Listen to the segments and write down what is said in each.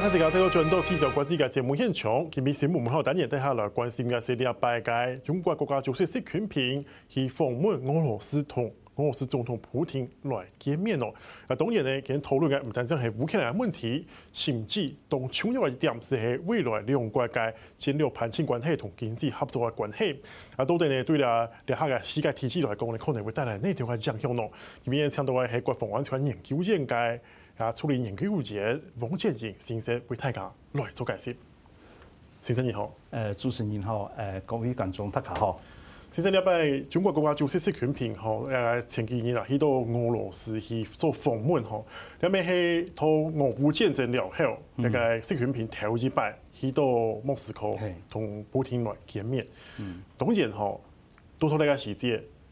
睇電視又聽過盡多次就關事嘅節目現場，佢表示唔好單日睇下來關心嘅事例又擺解，中國國家主席習近平去訪問俄羅斯同俄羅斯總統普京來見面咯。啊，啊，當然咧佢討論嘅唔單止係烏克蘭的問題，甚至同重要一點是，係未來利用國家建立攀親關係同經濟合作的關係。啊，到底咧對啊，下個世界體系來講呢，可能會帶來哪條的影響咯。佢表示聽的話係國防安全研究院。啊！助理研究員，汪哲仁先生為大家來做解釋。先生你好，誒、呃、主持人你好，誒、呃、各位觀眾，大家好。先生你不知中國國家主席習近平嗬，誒、呃、前幾年啦，去到俄羅斯去做訪問嗬，咁咪係到俄烏戰爭了後，誒、嗯、個習近平頭一擺去到莫斯科嘿同普丁來見面。嗯，當然嗬，多少大個知嘅。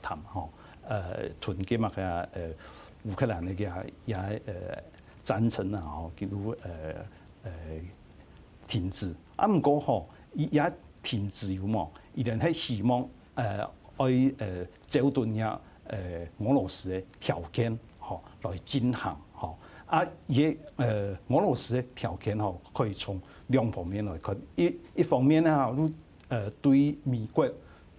談吼，誒、呃、團結嘛嘅誒，烏克蘭咧佢也也贊成啊，吼，叫做誒誒停止啊唔過吼，嗬，也停止有望，而係希望誒去誒組頓入誒俄羅斯嘅條件，吼，來進行，吼啊，而誒、呃、俄羅斯嘅條件，可以從兩方面來看。一一方面咧嚇，都誒對美國。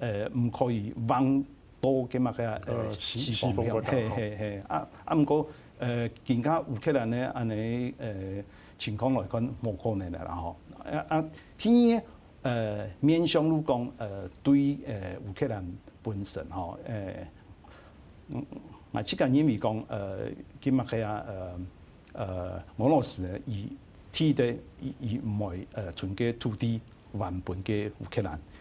誒唔可以揾多嘅物嘅誒，是是符合嘅要求。係係係。啊啊，唔過誒，見到烏克蘭咧，按你誒情況來講，冇可能啦！嗬。啊啊，第二誒面向嚟講，誒、呃、對，誒烏克蘭本身，嗬誒，啊，即間意味講，誒、呃，嘅物嘅啊誒誒，俄羅斯以土地以以唔係誒全嘅土地還本嘅烏克蘭。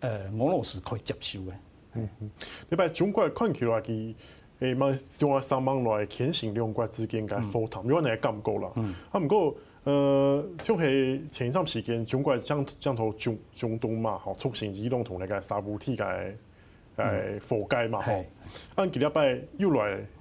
呃，俄羅斯可以接受嘅。你把中國看起嚟，佢誒，因為上牽內兩國之間嘅摩擦，因為係感覺啦。咁唔過，誒，即、呃、係前一陣時間，中國將將頭中中東嘛，吼，促成伊朗同你嘅沙烏地嘅誒和解嘛，吼、嗯。咁今日拜又來。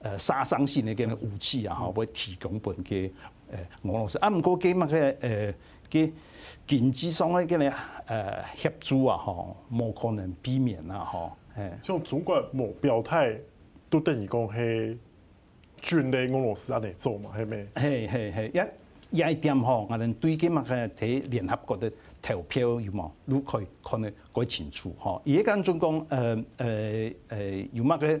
呃，殺傷性嘅嘅武器啊，嚇，會提供本俾呃俄羅斯。啊，唔過嘅乜呃，誒嘅經濟上給嘅呃，協助啊，嚇，冇可能避免啦，嚇。誒，像中國冇表態，都等於講係轉來俄羅斯來做嘛，係咪？係係係，一一點哈、喔，我哋對嘅乜嘅睇聯合國嘅投票有冇？如可以可能改清楚哈，而家講中央呃，呃，呃，有乜嘅？